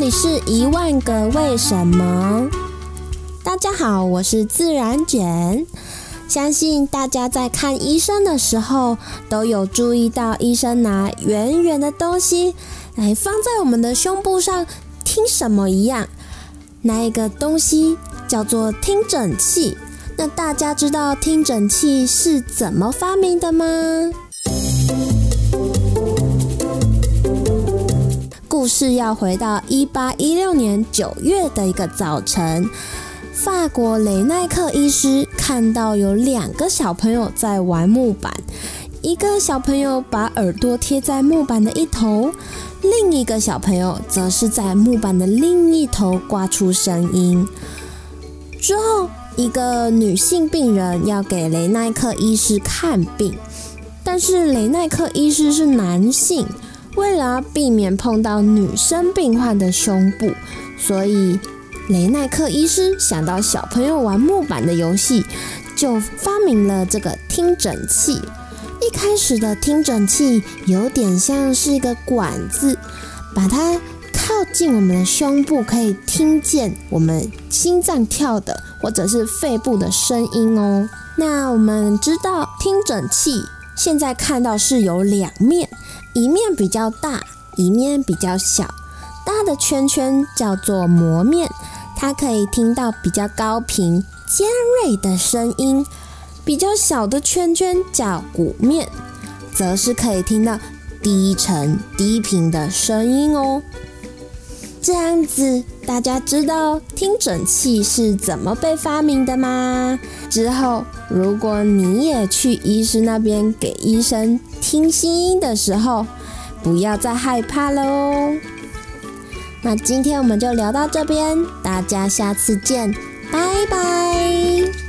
這裡是《一萬個為什麼》，大家好，我是自然卷。相信大家在看醫生的時候，都有注意到醫生拿圓圓的東西來放在我們的胸部上聽什麼一樣，那一個東西叫做聽診器。那大家知道聽診器是怎麼發明的嗎？故事要回到一八一六年九月的一個早晨，法國雷耐克醫師看到有兩個小朋友在玩木板，一個小朋友把耳朵貼在木板的一頭，另一個小朋友則是在木板的另一頭刮出聲音。之後，一個女性病人要給雷耐克醫師看病，但是雷耐克醫師是男性。為了避免碰到女生病患的胸部，所以雷奈克醫師想到小朋友玩木板的遊戲，就發明了這個聽診器。一開始的聽診器有點像是一個管子，把它靠近我們的胸部，可以聽見我們心臟跳的或者是肺部的聲音哦。那我們知道聽診器現在看到是有兩面。一面比較大，一面比較小。大的圈圈叫做膜面，它可以聽到比較高頻、尖銳的聲音；比較小的圈圈叫鼓面，則是可以聽到低沉、低頻的聲音哦。這樣子，大家知道聽診器是怎麼被發明的嗎？之後，如果你也去醫師那邊給醫生聽心音的時候，不要再害怕了哦。那今天我們就聊到這邊，大家下次見，拜拜。